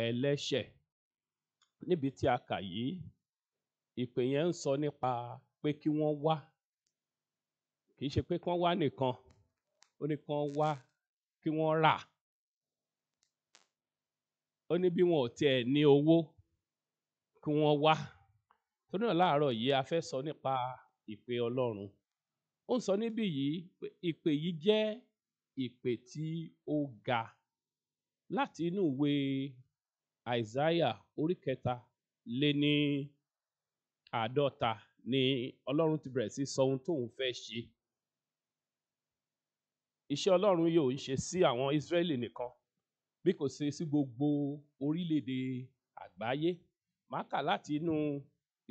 ẹlẹ́ṣẹ̀ níbi tí a kà yìí ìpè yẹn ń sọ nípa pé kí wọ́n wá kì í ṣe pé kí wọ́n wá nìkan ó ní kí wọ́n wá kí wọ́n rà ó ní bí wọn ò tiẹ̀ ní owó kí wọ́n wá torí náà láàárọ̀ yìí a fẹ́ sọ nípa ìpè Ọlọ́run ó ń sọ níbí yìí pé ìpè yìí jẹ́ ìpè tí ó ga láti inú ìwé Isaiah orí kẹta lé ní àádọ́ta ni Ọlọ́run ti bẹ̀rẹ̀ sí sọ ohun tóun fẹ́ ṣe. Iṣẹ́ Ọlọ́run yóò ń ṣe sí àwọn Ísírẹ́lì nìkan bí kò ṣe sí gbogbo orílẹ̀-èdè àgbáyé. Màá kà láti inú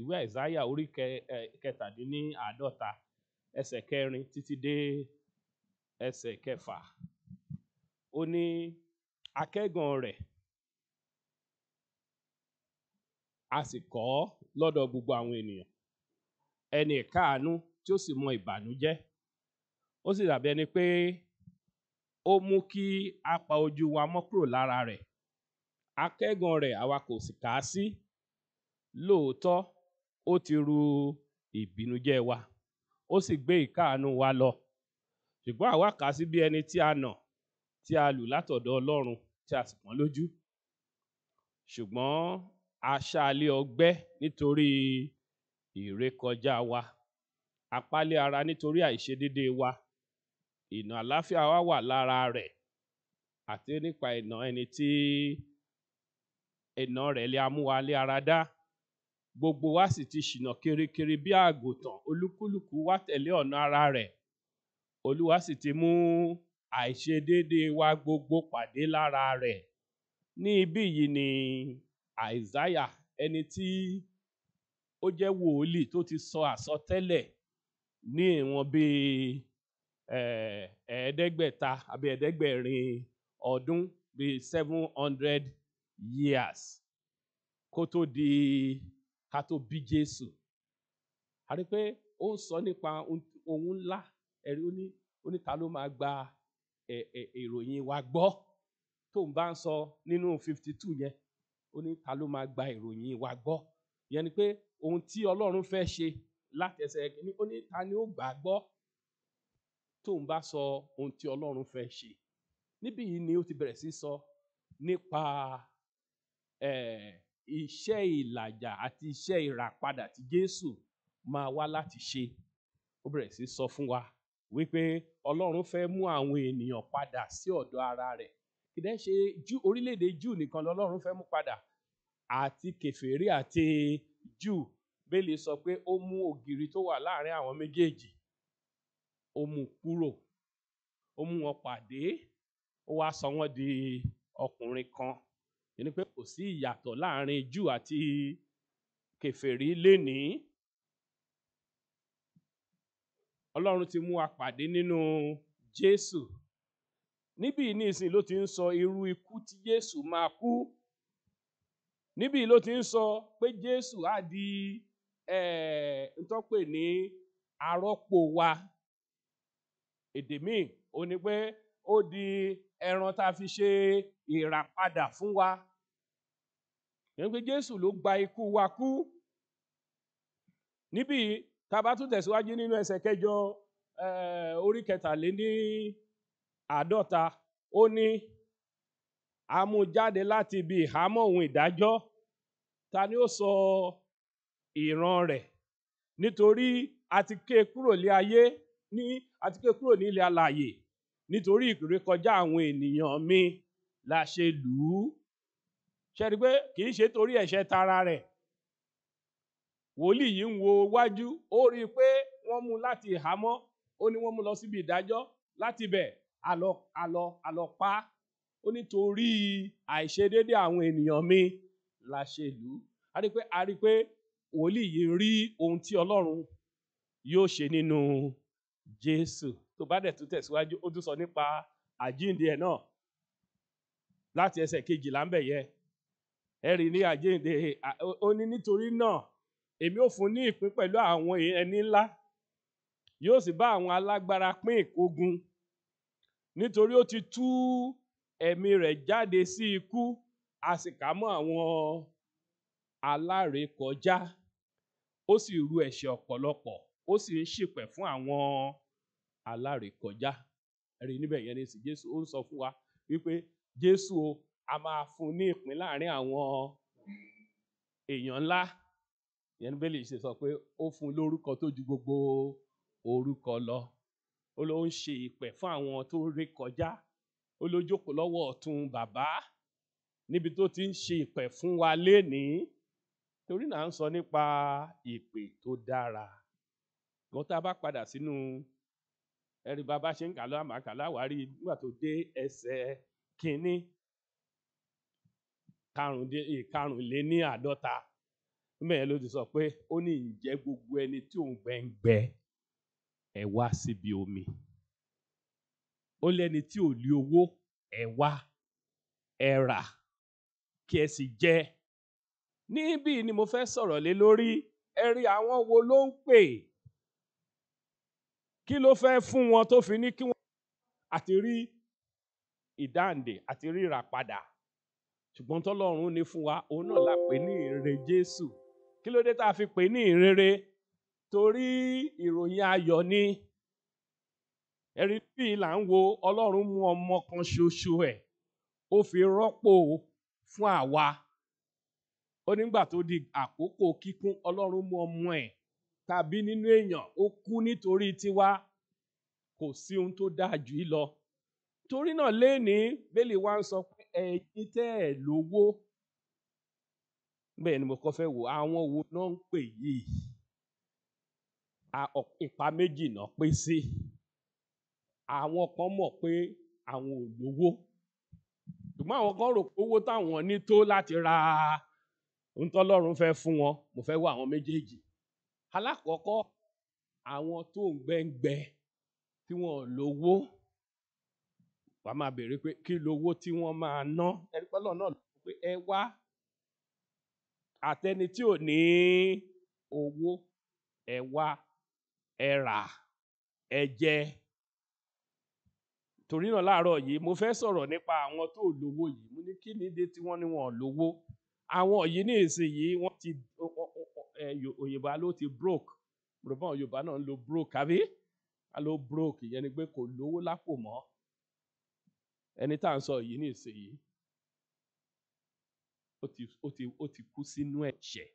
ìwé Isaiah orí kẹtàdínní àádọ́ta ẹsẹ̀ kẹrin títí dé ẹsẹ̀ kẹfà. Ó ní akẹ́gàn rẹ̀ a sì kọ́ lọ́dọ̀ gbogbo àwọn ènìyàn ẹni ìkáàánú tí ó sì mọ ìbànújẹ́ ó sì dàbí ẹni pé ó mú kí a pa ojú wa mọ́ kúrò lára rẹ̀ akẹ́gàn rẹ̀ àwa kò sì kà á sí lóòótọ́ ó ti ru ìbínújẹ́ wa ó sì gbé ìkáàánú wa lọ ṣùgbọ́n àwa kà á sí bí ẹni tí a nà tí a lù látọ̀dọ̀ Ọlọ́run tí a sì pọ́n lójú ṣùgbọ́n aṣáálẹ̀ ọgbẹ́ nítorí ìrékọjá wa àpálẹ̀ ara nítorí àìṣedéédé wa ìnà àláfíà wa wà lára rẹ̀ àti nípa ìnà ẹni tí ìnà rẹ̀ lè amúwalé ara dá gbogbo wa sì ti ṣìnà kirikiri bí àgùntàn olúkúlùkù wa tẹ̀lé ọ̀nà ara rẹ̀ olúwa sì ti mú àìṣedéédé wa gbogbo pàdé lára rẹ̀ ní ibí yìí ni. Isaiah ẹni tí ó jẹ́ wòlíì tó ti sọ àsọtẹ́lẹ̀ ní ìwọ̀n bíi ẹ̀ẹ́dẹ́gbẹ̀ta àbí ẹ̀ẹ́dẹ́gbẹ̀rin ọdún bíi seven hundred years kó tó di ká tó bí Jésù a rí pé ó ń sọ nípa ohun ńlá ẹ̀rí ó ní ta ló máa gba ìròyìn wa gbọ́ tóun bá ń sọ nínú fifty two yẹn ó ní ta ló máa gba ìròyìn wa gbọ́ ìyẹn ni pé ohun tí ọlọ́run fẹ́ ṣe látẹsẹ̀ kìíní ó ní ta ni ó gbà á gbọ́ tóun bá sọ ohun tí ọlọ́run fẹ́ ṣe níbí yìí ni ó ti bẹ̀rẹ̀ sí sọ nípa iṣẹ́ ìlàjà àti iṣẹ́ ìràpadà tí Jésù máa wá láti ṣe ó bẹ̀rẹ̀ sí sọ fún wa wípé ọlọ́run fẹ́ mú àwọn ènìyàn padà sí ọ̀dọ̀ ara rẹ̀ kìdẹ́ ṣe orílẹ̀-èdè Júù nìkan lọ́lọ́run fẹ́ mú padà àti kèfèrí àti Júù bẹ́ẹ̀lì sọ pé ó mú ògiri tó wà láàrin àwọn méjèèjì ó mú kúrò ó mú wọn pàdé ó wá sọ wọn di ọkùnrin kan ẹni pé kò sí ìyàtọ̀ láàrin Júù àti kèfèrí lénìí Ọlọ́run ti mú wa pàdé nínú Jésù. No níbí ní ìsìn ló ti ń sọ irú ikú tí Jésù máa kú níbí ló ti ń sọ pé Jésù á di ntọ́pẹ̀ ní arọ́pò wa èdè míì ó ní pé ó di ẹran tá a fi ṣe ìràpadà fún wa yẹn pé Jésù ló gba ikú wa kú níbí tá a bá tún tẹ̀síwájú nínú ẹsẹ̀ kẹjọ orí kẹtàléní àádọ́ta ó ní a mú jáde láti ibi ìhámọ́ òun ìdájọ́ ta ni ó sọ ìran rẹ̀ nítorí a ti ké e kúrò lé ayé ní a ti ké e kúrò nílé alààyè nítorí ìrékọjá àwọn ènìyàn mi la ṣe lù ú ṣe rí i pé kì í ṣe torí ẹ̀ṣẹ̀ tara rẹ̀ wòlíì yìí ń wo wájú ó rí i pé wọ́n mú láti ìhámọ́ ó ní wọ́n mú lọ síbi ìdájọ́ láti bẹ̀ àlọ àlọ àlọ pa ó nítorí àìṣedéédé àwọn ènìyàn mi la ṣe ìlú a rí pé a rí pé wòlíì yìí rí ohun tí Ọlọ́run yóò ṣe nínú Jésù tó bá dẹ̀ tún tẹ̀síwájú ó tún sọ nípa àjíǹde ẹ̀ náà láti ẹsẹ̀ kejìlá ń bẹ̀ yẹ ẹ rí ní àjíǹde ó ní nítorí náà èmi ò fún ní ìpín pẹ̀lú àwọn ẹni ńlá yóò sì bá àwọn alágbára pín ìkógun nítorí ó ti tú ẹ̀mí rẹ̀ jáde sí ikú a sì kà mọ́ àwọn alárékọjá ó sì ru ẹ̀ṣẹ̀ ọ̀pọ̀lọpọ̀ ó sì ń ṣìpẹ̀ fún àwọn alárékọjá rí níbẹ̀ yẹn ní sí Jésù ó ń sọ fún wa wípé Jésù o a máa fún ní ìpín láàrin àwọn èèyàn ńlá yẹn bẹ́ẹ̀ lè ṣe sọ pé ó fún lórúkọ tó ju gbogbo orúkọ lọ ó ló ń ṣe ìpẹ̀ fún àwọn tó ré kọjá ó ló jókòó lọ́wọ́ ọ̀tún bàbá níbi tó ti ń ṣe ìpẹ̀ fún wa lénìí torí náà ń sọ nípa ìpè tó dára wọn tá a bá padà sínú ẹrí bàbá ṣe ń kà àmàkà láwárí nígbà tó dé ẹsẹ̀ kínní karùnléní àádọ́ta ló ti sọ pé ó ní ǹjẹ́ gbogbo ẹni tí òun gbẹ̀ ń gbẹ ẹ wá síbi omi ó lẹ́ni tí ò lé owó ẹ wá ẹ rà kí ẹ sì jẹ níbí ni mo fẹ́ sọ̀rọ̀ lé lórí ẹ rí àwọn wo ló ń pè kí ló fẹ́ fún wọn tó fi ní kí wọ́n àti rí ìdáǹdè àti ríra padà ṣùgbọ́n tọ́lọ́run ní fún wa òun náà la pè ní ìre Jésù kí ló dé tá a fi pè ní ìrere torí ìròyìn ayọ̀ ni ẹ̀rí bí là ń wo ọlọ́run mú ọmọ kan ṣoṣo ẹ̀ ó fi rọ́pò fún àwa ó nígbà tó di àkókò kíkún ọlọ́run mú ọmọ ẹ̀ tàbí nínú èèyàn ó kú nítorí tiwa kò sí ohun tó dáa jù í lọ torí náà léèní bẹ́ẹ̀lì wa ń sọ pé ẹ̀yin tẹ́ ẹ̀ lówó bẹ́ẹ̀ ni mo kọ́ fẹ́ wò àwọn wo náà ń pè yìí ipa méjì náà pín sí àwọn kan mọ̀ pé àwọn ò lówó ṣùgbọ́n àwọn kan rò pé owó táwọn ní tó láti ra ohun fẹ́ fún wọn mo fẹ́ wá àwọn méjèèjì alákọ̀ọ́kọ́ àwọn tó ń gbẹ́ngbẹ́ tí wọn lówó wàá máa béèrè pé kí lowó tí wọ́n máa ná ẹni náà ló pé ẹ wá àtẹni tí ò ní owó ẹ wá ẹ rà ẹ jẹ torí náà láàárọ̀ yìí mo fẹ́ sọ̀rọ̀ nípa àwọn tó lówó yìí mo ní kí nídé tí wọ́n ní wọn lówó àwọn yìí ní ìsinyìí wọ́n ti òyìnbó ló ti broke yorùbá yorùbá náà ń lo broke àbí a ló broke ìyẹn ni pé kò lówó lápò mọ́ ẹni tá à ń sọ yìí ní ìsinyìí ó ti ó ti ó ti kú sínú ẹ̀ṣẹ̀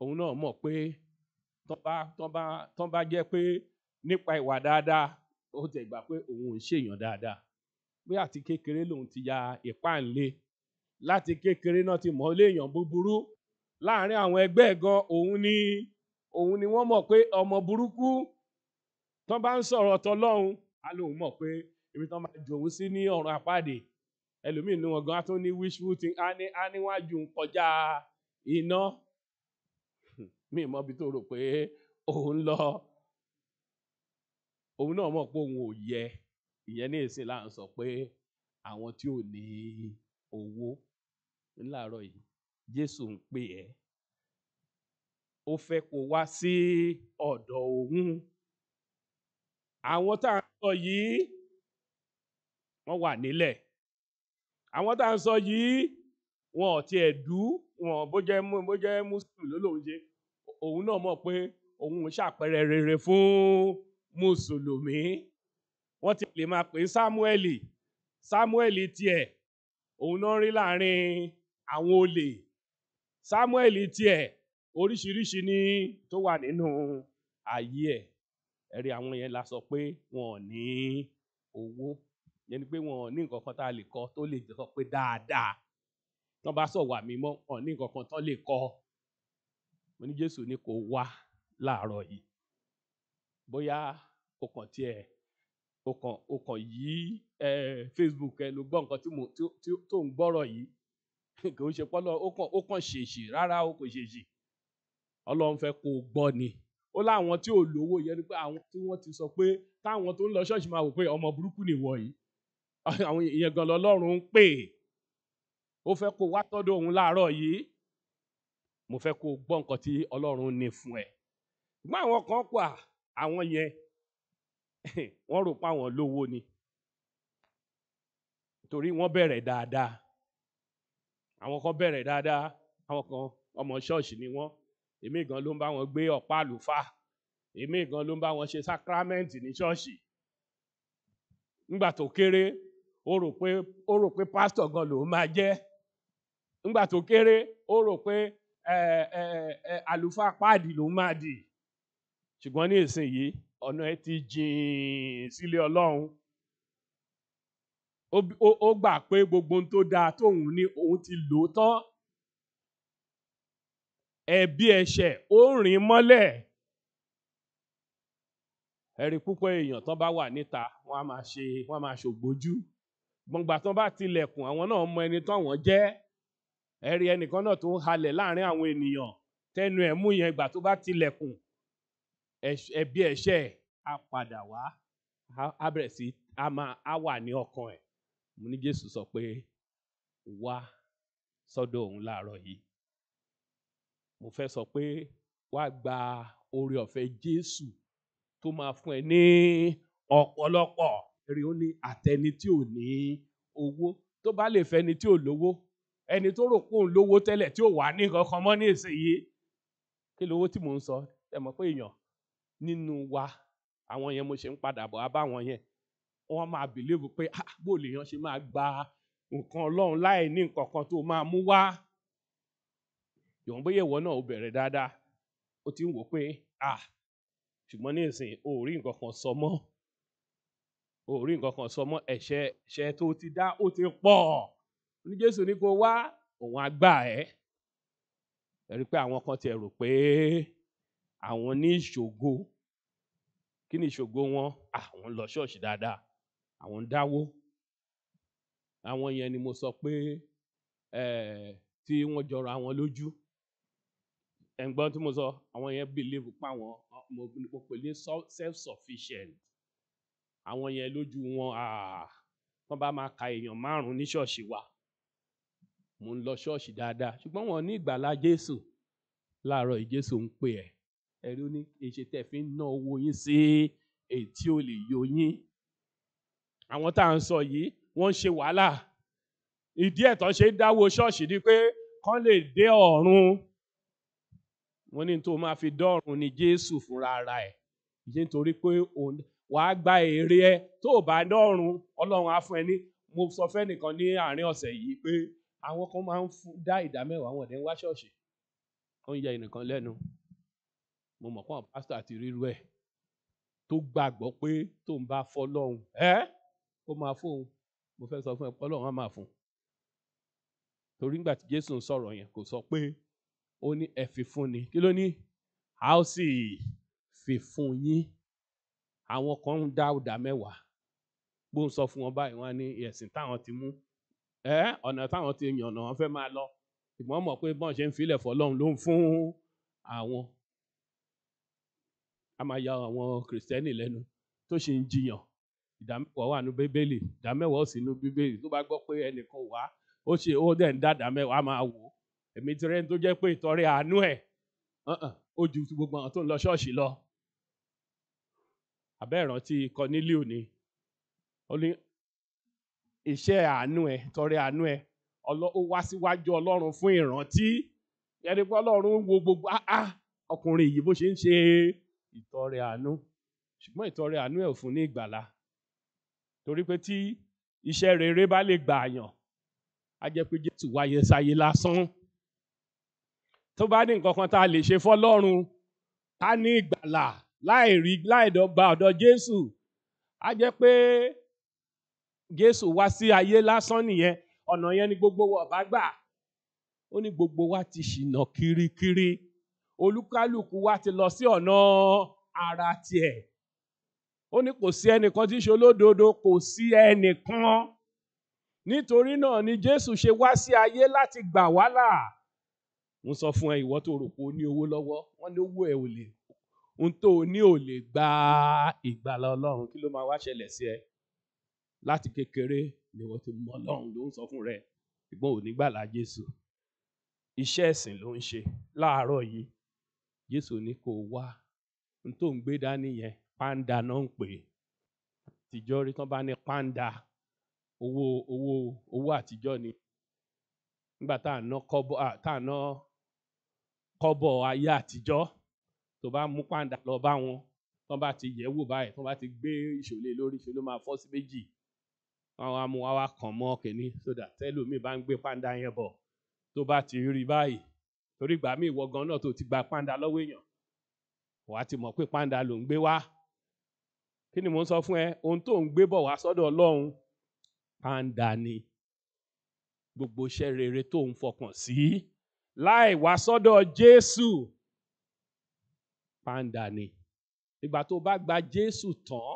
òun náà mọ̀ pé tán bá tán bá tán bá jẹ́ pé nípa ìwà dáadáa ó tẹ̀ gbà pé òun ń ṣèyàn dáadáa pé àti kékeré lòun ti ya ìpáǹle láti kékeré náà ti mọ̀ léèyàn búburú láàárín àwọn ẹgbẹ́ gan òun ni òun ni wọ́n mọ̀ pé ọmọ burúkú tán bá ń sọ̀rọ̀ tọlọ́hun á lóun mọ̀ pé ibi tán máa jòun sí ní ọ̀run àpáàdé ẹlòmíín ní wọn gan á tún ní wishful thing á ní á níwájú kọjá iná mi mọ ibi tó rò pé òun lọ òun náà mọ̀ pé òun ò yẹ ìyẹn ní ìsìn là ń sọ pé àwọn tí ò ní owó ńláàárọ̀ yìí Jésù ń pè ẹ́ ó fẹ́ kó wá sí ọ̀dọ̀ òun àwọn tá à ń sọ yìí wọ́n wà nílẹ̀ àwọn tá à ń sọ yìí wọn ò tiẹ̀ dú wọn bó jẹ́ mú bó jẹ́ muslim ló lòun ṣe òun náà mọ̀ pé òun ṣàpẹẹrẹ rere fún mùsùlùmí wọ́n ti lè máa pè sámúẹ́lì sámúẹ́lì tiẹ̀ òun náà rí láàrin àwọn olè sámúẹ́lì tiẹ̀ oríṣiríṣi ní tó wà nínú ayé ẹ̀ ẹ̀rí àwọn yẹn la sọ pé wọn ní owó yẹn ni pé wọn ní nǹkan kan tá a lè kọ tó lè sọ pé dáadáa tán bá sọ wà mímọ́ wọn ní nǹkan kan tán lè kọ mo ní Jésù ní kó wá láàárọ̀ yìí bóyá o kàn tiẹ̀ o kàn o kàn yí ẹ Facebook ẹ ló gbọ́ nǹkan tí mo tí tó ń gbọ́rọ̀ yìí kò ń ṣe pọ́lọ́ ó kàn ó kàn ṣèṣì rárá o kò ṣèṣì Ọlọ́run fẹ́ kó o gbọ́ ni ó láwọn tí ò lówó yẹn ni pé àwọn tí wọ́n ti sọ pé táwọn tó ń lọ ṣọ́ọ̀ṣì máa wò pé ọmọ burúkú nìwọ yìí àwọn ìyẹn gan lọ́lọ́run ń pè ó fẹ́ kó wá tọ́dọ̀ òun láàárọ̀ yìí mo fẹ́ kó gbọ́ nǹkan tí ọlọ́run ní fún ẹ ṣùgbọ́n àwọn kan pa àwọn yẹn wọ́n rò pa àwọn lówó ni torí wọ́n bẹ̀rẹ̀ dáadáa àwọn kan bẹ̀rẹ̀ dáadáa àwọn kan ọmọ ṣọ́ọ̀ṣì ni wọ́n èmi gan ló ń bá wọn gbé ọ̀pá àlùfáà èmi gan ló ń bá wọn ṣe sákrámẹ́ǹtì ní ṣọ́ọ̀ṣì nígbà tó kéré ó rò pé ó rò pé pásítọ̀ gan lòún máa jẹ́ nígbà tó kéré ó rò pé àlùfáà páàdì ló máa dì ṣùgbọ́n ní ìsinyìí ọ̀nà ẹ ti jìn sílé ọlọ́run ó gbà pé gbogbo ohun tó dáa tóun ní òun ti lò ó tán ẹ̀bi ẹ̀ṣẹ̀ ó rìn mọ́lẹ̀ ẹ̀rí púpọ̀ èèyàn tán bá wà níta wọ́n wọ́n á máa ṣògbójú gbọ̀ngbà tán bá tilẹ̀kùn àwọn náà mọ ẹni tán wọ́n jẹ́ ẹ̀rí ẹnìkan náà tó ń halẹ̀ láàrin àwọn ènìyàn tẹnu ẹ̀ mú yẹn ìgbà tó bá tilẹ̀kùn ẹ̀bi ẹ̀ṣẹ̀ á padà wá á bẹ̀rẹ̀ sí á máa á wà ní ọkàn ẹ̀ mo ní Jésù sọ pé wá sọ́dọ̀ òun láàárọ̀ yìí mo fẹ́ sọ pé wá gba oore ọ̀fẹ́ Jésù tó máa fún ẹ ní ọ̀pọ̀lọpọ̀ rí ó ní àtẹni tí ò ní owó tó bá lè fẹ́ ni tí ò lówó ẹni tó rò pé òun lówó tẹ́lẹ̀ tí ò wà ní nǹkan kan mọ́ ní ìsinyìí kí lówó tí mò ń sọ ẹ mọ̀ pé èèyàn nínú wa àwọn yẹn mo ṣe ń padà bọ̀ abá wọn yẹn wọ́n máa bìlíìfù pé ah bó lèèyàn ṣe máa gba nǹkan ọlọ́run láì ní nǹkan kan tó máa mú wá yòówù bóyá ìwọ náà ó bẹ̀rẹ̀ dáadáa ó ti ń wò pé ah ṣùgbọ́n ní ìsìn ò rí nǹkan kan sọ mọ́ ò rí nǹkan kan sọ mọ́ ẹ̀ṣẹ̀ ẹ̀ṣẹ̀ tó ti dá ó ti pọ̀ ní jésù ní kó wá òun á gbà ẹ́ ẹ rí i pé àwọn kan ti rò pé àwọn ní ìṣògo kí ni ìṣògo wọn àwọn lọ ṣọ́ọ̀ṣì dáadáa àwọn ń dáwó àwọn yẹn ni mo sọ pé tí wọ́n jọra àwọn lójú ẹ̀ǹgbọ́n tí mo sọ àwọn yẹn believe pa àwọn mo pè ní self-sufficient àwọn yẹn lójú wọn wọ́n bá máa ka èèyàn márùn ní ṣọ́ọ̀ṣì wa mo ń lọ ṣọ́ọ̀ṣì dáadáa ṣùgbọ́n wọn ní ìgbàlá Jésù láàárọ̀ yìí Jésù ń pè ẹ́ ẹ̀rí ó ní èṣe tẹ̀ fi ń ná owó yín sí èyí tí ò lè yọ yín àwọn tá à ń sọ yìí wọ́n ń ṣe wàhálà ìdí ẹ̀tọ́ ṣe ń dáwó ṣọ́ọ̀ṣì ni pé kán lè dé ọ̀run wọ́n ní tó máa fi dọ́run ni Jésù fúnra ara ẹ̀ nítorí pé wàá gba èrè ẹ tó bá dọ́run Ọlọ́run á fún ẹ ní mo sọ fẹ́ ní àárín ọ̀sẹ̀ yìí pé àwọn kan máa ń dá ìdá mẹ́wàá wọn dẹ̀ ń wá ṣọ́ọ̀ṣì ó ń yẹ ẹnìkan lẹ́nu mo mọ̀ pọ́n pásítọ̀ àti ríru ẹ̀ tó gbàgbọ́ pé tóun bá fọ́ lọ́hùn ẹ́ ó máa fóun mo fẹ́ sọ fún ẹ pọ́ lọ́hùn á máa fún torí ńgbà tí Jésù ń sọ̀rọ̀ yẹn kò sọ pé ó ní ẹ fi fún ni kí ló ní a ó sì fi fún yín àwọn kan ń dá ọ̀dà mẹ́wàá bó ń sọ fún wọn báyìí wọn á ní ẹ̀sìn táwọn ti mú ẹ ọ̀nà táwọn ti yàn náà fẹ́ máa lọ ṣùgbọ́n mọ̀ pé bọ́n ṣe ń filẹ̀ fọlọ́run ló ń fún àwọn a máa ya àwọn kìrìsìtẹ́nì lẹ́nu tó ṣe ń jiyàn ìdámẹ́wàá wà ní bíbélì ìdámẹ́wàá sì ní bíbélì tó bá gbọ́ pé ẹnìkan wá ó ṣe ó dẹ̀ ń dáadáa mẹ́wàá máa wò ó èmi ti rẹ́ni tó jẹ́ pé ìtọrẹ àánú ẹ̀ ó ju gbogbo àwọn tó ń lọ ṣọ́ọ̀ṣì lọ abẹ́ ìrántí Cornelio ni ó ní iṣẹ́ àánú ẹ tọrẹ àánú ẹ ó wá síwájú ọlọ́run fún ìrántí ẹni pé ọlọ́run wo gbogbo áá ah, ah, ọkùnrin yìí bó ṣe ń ṣe ìtọrẹ àánú ṣùgbọ́n ìtọrẹ àánú ẹ ò fún ní ìgbàlá torí pé tí iṣẹ́ rere bá lè gbà yàn á jẹ́ pé Jésù wáyé sáyé lásán tó bá ní nǹkan kan tá a lè ṣe fọ́lọ́run ká ní ìgbàlà láì rí láì dọgba ọ̀dọ̀ Jésù á jẹ́ pé. Jésù wá sí ayé lásán nìyẹn ọ̀nà yẹn ni gbogbo wa bá gbà ó ní gbogbo wa ti ṣìnà kirikiri olúkálùkù wa ti lọ sí ọ̀nà ara tiẹ̀ ó ní kò sí ẹnìkan tí ń ṣe olódodo kò sí ẹnìkan nítorí náà ni Jésù ṣe wá sí ayé láti gbà wá là ń sọ fún ẹ ìwọ tó rò pé o ní owó lọ́wọ́ wọ́n ní owó ẹ ò lè ohun tó o ní ò lè gba ìgbàlà Ọlọ́run kí ló máa wá ṣẹlẹ̀ sí ẹ láti kékeré ni wọ́n ti mọ Ọlọ́run ló ń sọ fún rẹ̀ ìgbọ́n ò ní gbàlà Jésù iṣẹ́ ẹ̀sìn ló ń ṣe láàárọ̀ yìí Jésù ní kó wá n tó ń gbé dání yẹn pàǹdà náà ń pè é tìjọ́ rí tán bá ní pàǹdà owó owó owó àtijọ́ ni nígbà tá à ná kọ́bọ̀ tá à ná kọ́bọ̀ ayé àtijọ́ tó bá mú pàǹdà lọ bá wọn tán bá ti yẹ̀ wò báyìí tán bá ti gbé ìṣòlè lórí ìṣòlè máa fọ́ sí méjì àwọn amúwáwá kan mọ́ kìíní sódà tẹ́lómi bá ń gbé pàǹdà yẹn bọ̀ tó bá ti rí báyìí torí ìgbà míì wọ gan náà tó ti gba pàǹdà lọ́wọ́ èèyàn wàá ti mọ̀ pé pàǹdà ló ń gbé wá kí ni mò ń sọ fún ẹ ohun tó ń gbé bọ̀ wá sọ́dọ̀ ọlọ́run pàǹdà ni gbogbo iṣẹ́ rere tó ń fọkàn sí láì wá sọ́dọ̀ Jésù pàǹdà ni ìgbà tó bá gba Jésù tán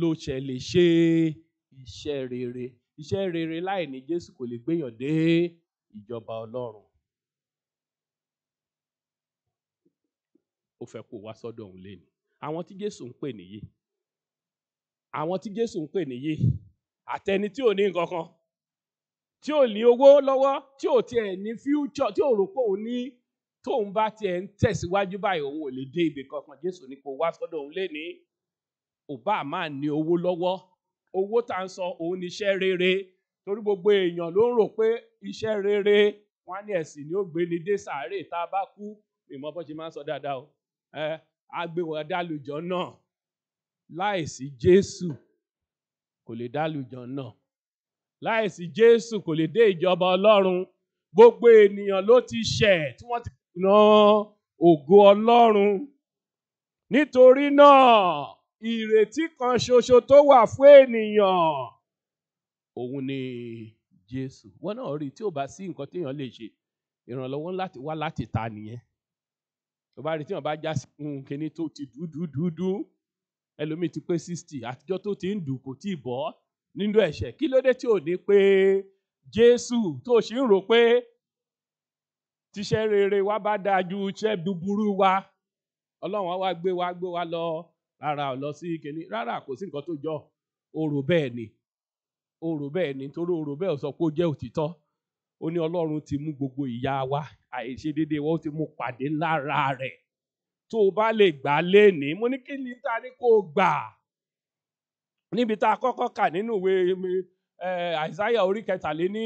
ló ṣe lè ṣe é iṣẹ́ rere iṣẹ́ rere láì ní Jésù kò lè gbéyàn dé ìjọba Ọlọ́run ó fẹ́ kó wá sọ́dọ̀ òun lé ni àwọn tí Jésù ń pè nìyí àwọn tí Jésù ń pè nìyí àtẹni tí ò ní nǹkan kan tí ò ní owó lọ́wọ́ tí ò tiẹ̀ ní future tí ò rò pé òun ní tóun bá tiẹ̀ ń tẹ̀síwájú báyìí òun ò lè dé ibì kankan Jésù ní kó wá sọ́dọ̀ òun lé ní ò bá máa ní owó lọ́wọ́ owó tá à ń sọ òun ni iṣẹ́ rere torí gbogbo èèyàn ló ń rò pé iṣẹ́ rere wọn á ní ẹ̀sìn ni ó gbé ni dé sàárè tá a bá kú ìmọ̀ bó ṣe máa ń sọ dáadáa o ẹ agbèwọ̀ dálùjọ náà láìsí Jésù kò lè dálùjọ náà láìsí Jésù kò lè dé ìjọba Ọlọ́run gbogbo ènìyàn ló ti ṣẹ̀ tí wọ́n ti kùnà ògo Ọlọ́run nítorí náà ìrètí kan ṣoṣo tó wà fún ènìyàn òun ni Jésù wọn náà rí tí ò bá sí nǹkan téèyàn lè ṣe ìrànlọ́wọ́ láti wá láti ta nìyẹn tó bá rí téèyàn bá já sí ohun kìíní tó ti dúdúdúdú ẹlòmíì ti pé sixty àtijọ́ tó ti ń dùn kò tí ì bọ́ nínú ẹ̀ṣẹ̀ kí ló dé tí ò ní pé Jésù tó sì ń rò pé tíṣẹ́ rere wa bá dáa ju iṣẹ́ búburú wa Ọlọ́run wa gbé wa gbé wa lọ rárá lọ sí kínní rárá kò sí nǹkan tó jọ bẹ́ẹ̀ ni orò bẹ́ẹ̀ ni torí sọ pé ó jẹ́ òtítọ́ ó ní ọlọ́run ti mú gbogbo ìyá wa Àìṣe wọn ó ti mú pàdé lára rẹ̀ tó bá lè gbà léèní ní kí ni ta kò gbà níbi tá a kà nínú ìwé àìsáyà orí kẹtàléní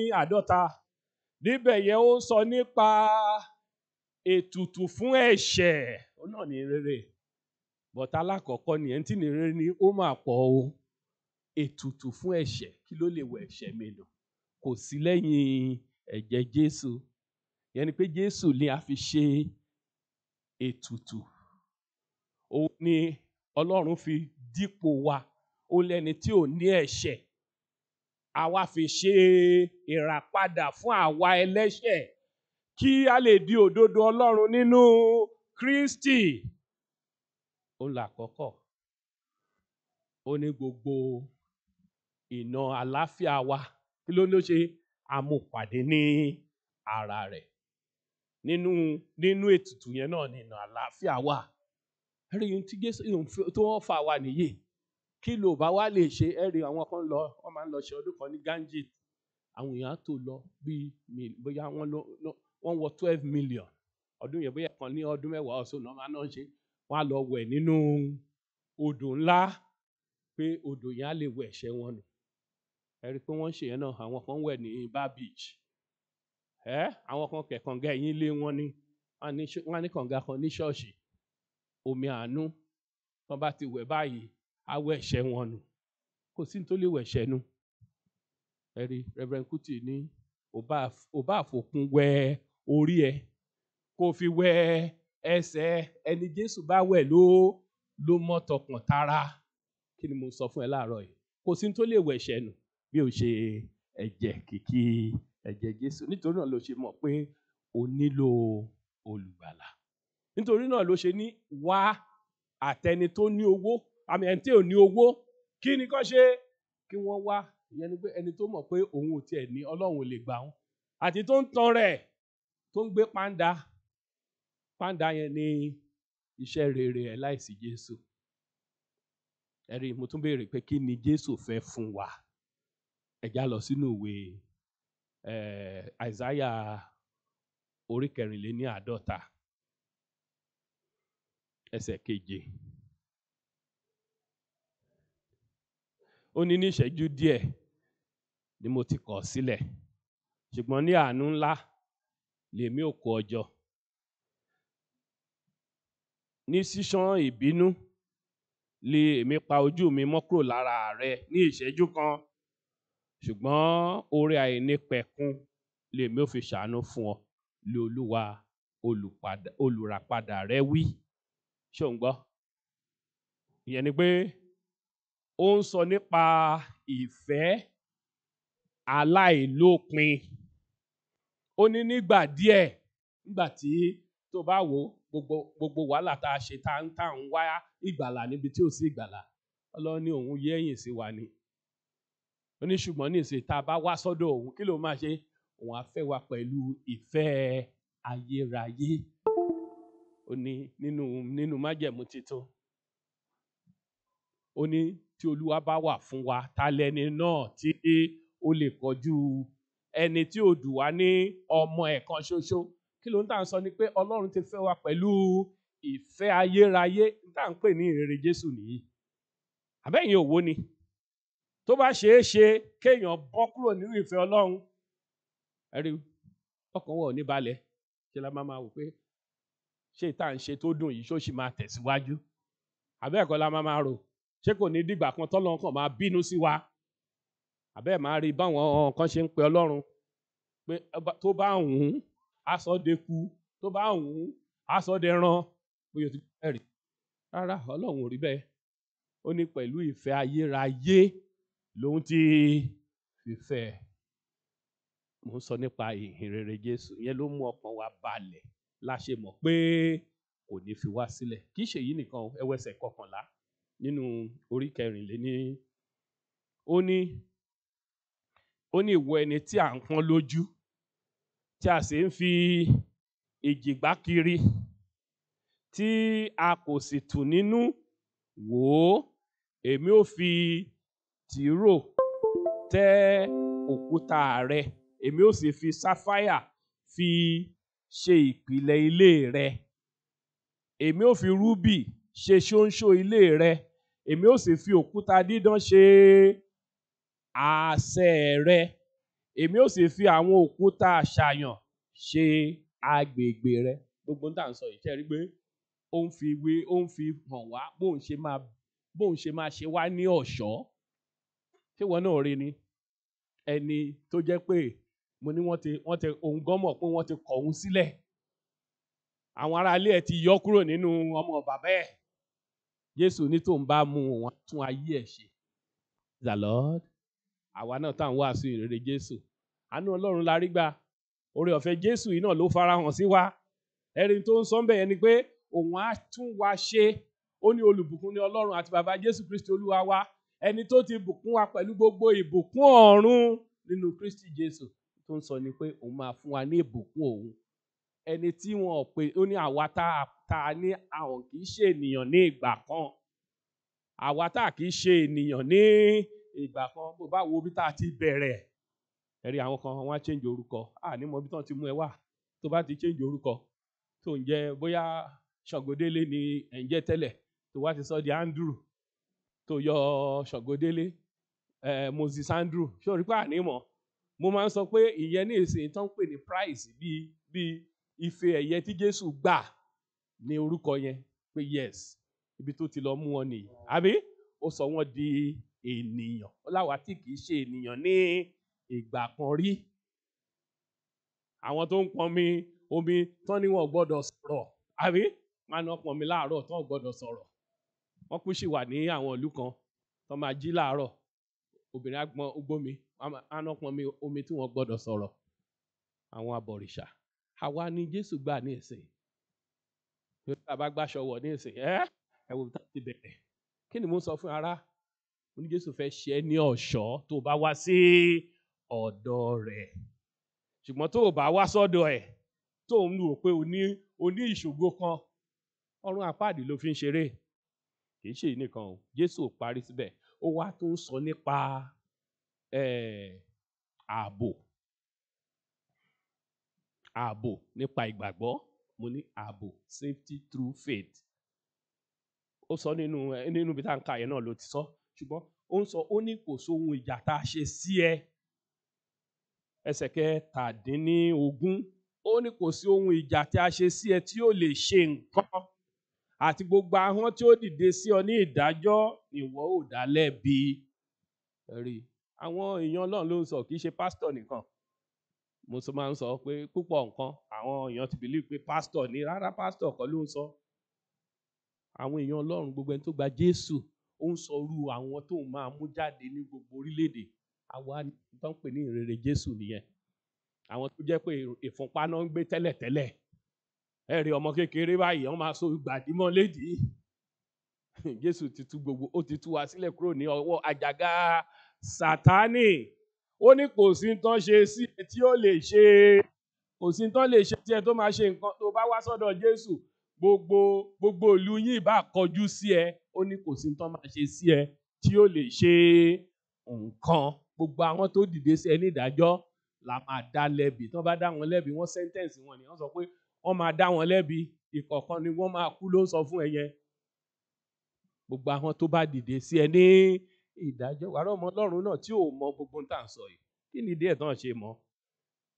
bọ̀tà alákọ̀ọ́kọ́ ni ẹ̀ ń tí ní rere ni ó máa pọ̀ o ètùtù fún ẹ̀ṣẹ̀ kí ló lè wọ ẹ̀ṣẹ̀ mi nù kò sí lẹ́yìn ẹ̀jẹ̀ Jésù ìyẹn ni pé Jésù ni a fi ṣe ètùtù òun ni Ọlọ́run fi dípò wa ó lẹ́ni tí ò ní ẹ̀ṣẹ̀ àwa fi ṣe ìràpadà fún àwa ẹlẹ́ṣẹ̀ kí a lè di òdodo Ọlọ́run nínú Kristi òun là kọ́kọ́ ó ní gbogbo ìná àlàáfíà wa kí ló ló ṣe amúpàdé ní ara rẹ̀ nínú nínú ètùtù yẹn náà ni ìná àlàáfíà wa rí ohun tí Jésù tó wọ́n fà wá nìyí kí ló bá wá lè ṣe ẹ rí àwọn kan lọ wọ́n máa ń lọ ṣe ọdún kan ní Ganji àwọn èèyàn tó lọ bíi bóyá wọ́n wọ twelve million ọdún yẹn bóyá kan ní ọdún mẹ́wàá ọ̀sán náà máa ń ṣe wọ́n á lọ wẹ̀ nínú odò ńlá pé odò yẹn á lè wẹ̀ ẹ̀ṣẹ̀ wọn nù ẹ pé wọ́n ń ṣe yẹn náà àwọn kan wẹ̀ ní bar beach ẹ àwọn kan kẹ̀ kànga ẹ̀yìn ilé wọn ni wọ́n á ní kànga kan ní ṣọ́ọ̀ṣì omi àánú wọ́n bá ti wẹ̀ báyìí á wẹ̀ ẹ̀ṣẹ̀ wọn nù kò sí ní tó lè wẹ̀ ẹ̀ṣẹ̀ nù ẹ Reverend Kuti ní ò bá àfòkún wẹ̀ orí ẹ kó fi wẹ̀ ẹ́ ẹsẹ̀ ẹni Jésù bá wẹ̀ ló ló mọ́ tọkàn tara kí ni mo sọ fún ẹ láàárọ̀ yìí kò sí tó lè wẹ̀ ẹ̀ṣẹ̀ nù bí o ṣe ẹ̀jẹ̀ kìkì ẹ̀jẹ̀ Jésù nítorí náà ló ṣe mọ̀ pé o nílò olùgbàlà nítorí náà ló ṣe ní wá àtẹni tó ní owó àmì ẹni tí ò ní owó kí ni kó ṣe kí wọ́n wá ìyẹn ni pé ẹni tó mọ̀ pé òun ò tiẹ̀ ní ọlọ́run ò lè gbà wọn àti tó ń tan rẹ̀ tó ń gbé pàǹdà pàǹdà yẹn ní iṣẹ́ rere ẹ̀ láìsí Jésù ẹ̀rí mo tún béèrè pé kí ni Jésù fẹ́ fún wa ẹ̀já lọ sínú ìwé Àìsáyà eh, orí kẹrìnléní àádọ́ta ẹsẹ̀ keje ó ní ní ìṣẹ́jú díẹ̀ ni mo ti kọ̀ sílẹ̀ ṣùgbọ́n ní àánú ńlá lèmi ò kó ọjọ́ ní sísán ìbínú lè èmi pa ojú mi mọ́ kúrò lára rẹ ní ìṣẹ́jú kan ṣùgbọ́n orí àìnípẹ̀kun lèmi ò fi ṣàánú fún ọ lé olúwa olùràpadà rẹ wí ṣé ò ń gbọ́ ìyẹn ni pé ó ń sọ nípa ìfẹ́ aláìlópin ó ní nígbà díẹ̀ nígbà tí tó bá wò ó gbogbo gbogbo wàhálà tá a ṣe tá ń tá ń wá ìgbàlà níbi tí ò sí ìgbàlà ọlọ́run ní òun yé ẹ̀yìn sí wa ni ó ní ṣùgbọ́n ní ìsìn tá a bá wá sọ́dọ̀ òun kí ló máa ṣe òun á fẹ́ wa pẹ̀lú ìfẹ́ ayérayé ó ní nínú nínú májẹ̀mú titun ó ní tí olúwa bá wà fún wa ta lẹni náà tí ó lè kọjú ẹni tí ó dù wá ní ọmọ ẹ̀kan ṣoṣo kí ló ń tà ń sọ ni pé ọlọ́run ti fẹ́ wa pẹ̀lú ìfẹ́ ayérayé ń tà ń pè ní ìrere jésù nìyí àbẹ́yìn òwò ni tó bá ṣeé ṣe kéèyàn bọ́ kúrò nínú ìfẹ́ ọlọ́run ẹ̀rí ọkàn wọ̀ ní balẹ̀ ṣe la máa wò pé ṣé ìta ń ṣe tó dùn yìí ṣó sì máa tẹ̀síwájú àbẹ́ẹ̀kọ́ la máa rò ṣé kò ní dìgbà kan tọ́lọ́run kàn máa bínú sí wa àbẹ́ẹ̀ máa rí báwọn kan ṣe ń pe ọlọ́run tó bá hùn aṣọ deku tó bá wù ú aṣọ dẹran bóyá ti bẹ́ẹ̀ rí rárá ọlọ́run ò rí bẹ́ẹ̀ ó ní pẹ̀lú ìfẹ́ ayérayé lòun ti fífẹ́ mò ń sọ nípa ìhìn rere Jésù ìyẹn ló mú ọkàn wa balẹ̀ láṣẹ mọ̀ pé kò ní fi wá sílẹ̀ kì í ṣe èyí nìkan ẹwẹsẹ̀ kọkànlá nínú orí kẹrìnléní ó ní ó ní ìwọ ẹni tí à ń pọ́n lójú tí a sì ń fi ìjìgbá kiri tí a kò sì tù nínú wò ó èmi ò fi tìrò tẹ́ òkúta rẹ èmi ò sì fi sáfáyà fi ṣe ìpìlẹ̀ ilé rẹ èmi ò fi rúbì ṣe ṣóńṣó ilé rẹ èmi ò sì fi òkúta dídán ṣe àsẹ̀ rẹ èmi ó sì fi àwọn òkúta àṣàyàn ṣe agbègbè rẹ gbogbo tá à ń sọ yìí tẹ́rí pé ó ń fi wé ó ń fi hàn wá bóun ṣe máa bóun ṣe máa ṣe wá ní ọ̀ṣọ́ ṣé wọn náà rí ni ẹni tó jẹ́ pé mo ní wọ́n ti wọ́n ti òun gan mọ̀ pé wọ́n ti kọ̀ òun sílẹ̀ àwọn aráalé ẹ̀ ti yọ kúrò nínú ọmọ bàbá ẹ̀ Jésù ní tòun bá mú wọn tún ayé ẹ̀ ṣe. The Lord àwa náà tá à ń wàásù ìrere Jésù àánú Ọlọ́run la rí gbà oore ọ̀fẹ́ Jésù yìí náà ló farahàn sí wa ẹni tó ń sọ bẹ́ẹ̀ ni pé òun á tún wa ṣe ó ní olùbùkún ní Ọlọ́run àti bàbá Jésù Kristi Olúwa wa ẹni tó ti bùkún wa pẹ̀lú gbogbo ìbùkún ọ̀run nínú Kristi Jésù tó ń sọ ni pé òun máa fún wa ní ìbùkún òun ẹni tí wọn ò pè ó ní àwa tá a ní àwọn kì í ṣe ènìyàn ní ìgbà kan àwa tá a kì í ṣe ènìyàn ní. Ni ìgbà kan bó bá wo bí tá a ti bẹ̀rẹ̀ ẹ̀rí àwọn kan wọ́n á change orúkọ à ní mọ bí tán ti mú ẹ wá tó bá ti change orúkọ tó ń jẹ bóyá ṣàngódélé ni ẹ̀ ń jẹ́ tẹ́lẹ̀ tó wá ti sọ di Andrew tó yọ ṣàngódélé ẹ̀ Moses Andrew ṣé pé àní mọ̀ mo máa ń sọ pé ìyẹn ní ìsìn tán ń pè ní price bíi bíi ife ẹ̀yẹ tí Jésù gbà ní orúkọ yẹn pé yes ibi tó ti lọ mú wọn nìyí àbí ó sọ wọn di ènìyàn ó láwa tí kì í ṣe ènìyàn ní ìgbà kan rí àwọn tó ń pọnmi omi tán ni wọn gbọ́dọ̀ sọ̀rọ̀ àbí máa ná pọnmi láàárọ̀ tán gbọ́dọ̀ sọ̀rọ̀ wọn kú sì wà ní àwọn ìlú kan tán máa jí láàárọ̀ obìnrin agbọn ogbómi aná pọnmi omi tí wọn gbọ́dọ̀ sọ̀rọ̀ àwọn abọ̀rìṣà àwa ni Jésù gbà ní ìsìn yóò tá gbàṣọwọ ní ìsìn ẹ ẹ wò tá ti bẹ̀rẹ̀ kí ni mo sọ fún ara ó ní Jésù fẹ́ ṣe ẹ́ ní ọ̀ṣọ́ tó bá wá sí ọ̀dọ̀ rẹ̀ ṣùgbọ́n tó o bá wá sọ́dọ̀ ẹ̀ tó o ń wò pé o ní o ní ìṣògo kan ọrùn àpáàdì ló fi ń ṣeré kì í ṣe nìkan o Jésù ò parí síbẹ̀ ó wá tó ń sọ nípa ààbò ààbò nípa ìgbàgbọ́ mo ní ààbò safety through faith ó sọ nínú nínú ibi tá à yẹn náà ló ti sọ ṣùgbọ́n ó ń sọ ó ní kò sóhun ìjà tá a ṣe sí ẹ ẹsẹ̀ kẹtàdínníogún ó ní kò sí ohun ìjà tí a ṣe sí ẹ tí ó lè ṣe nǹkan àti gbogbo ahọ́n tí ó dìde sí ọ ní ìdájọ́ ìwọ ò dá lẹ́bi rí àwọn èèyàn Ọlọ́run ló ń sọ kì í ṣe pásítọ̀ nìkan mo sọ máa ń sọ pé púpọ̀ nǹkan àwọn èèyàn ti bìlí pé pásítọ̀ ni rárá pásítọ̀ kọ́ ló ń sọ àwọn èèyàn Ọlọ́run gbogbo ẹni tó gba Jésù ó ń sọrú àwọn tó ń máa mú jáde ní gbogbo orílẹ̀-èdè àwa tó ń pè ní ìrere Jésù nìyẹn àwọn tó jẹ́ pé ìfúnpá náà ń gbé tẹ́lẹ̀tẹ́lẹ̀ ẹ rí ọmọ kékeré báyìí wọ́n máa so gbàdímọ́ lédìí Jésù ti tú gbogbo ó ti tú wa sílẹ̀ kúrò ní ọwọ́ àjàgà Sátánì ó ní kò sí tán ṣe sí ẹ tí ó lè ṣe kò sí tán lè ṣe tí ẹ tó máa ṣe nǹkan tó bá wá sọ́dọ̀ Jésù gbogbo gbogbo ìlú yín bá kọjú sí ẹ ó ní kò sí tán máa ṣe sí ẹ tí ó lè ṣe nǹkan gbogbo àwọn tó dìde sí ẹ nídàájọ́ la máa dá lẹ́bi tán bá dá wọn lẹ́bi wọ́n sẹ́ńtẹ̀ǹsì wọn ni wọ́n sọ pé wọ́n máa dá wọn lẹ́bi ìkọ̀ọ̀kan ni wọ́n máa kú ló sọ fún ẹ yẹn gbogbo àwọn tó bá dìde sí ẹ ní ìdájọ́ wàrà ọmọ ọlọ́run náà tí ò mọ gbogbo tá à ń sọ yìí kí ni díẹ̀ tán ṣe mọ́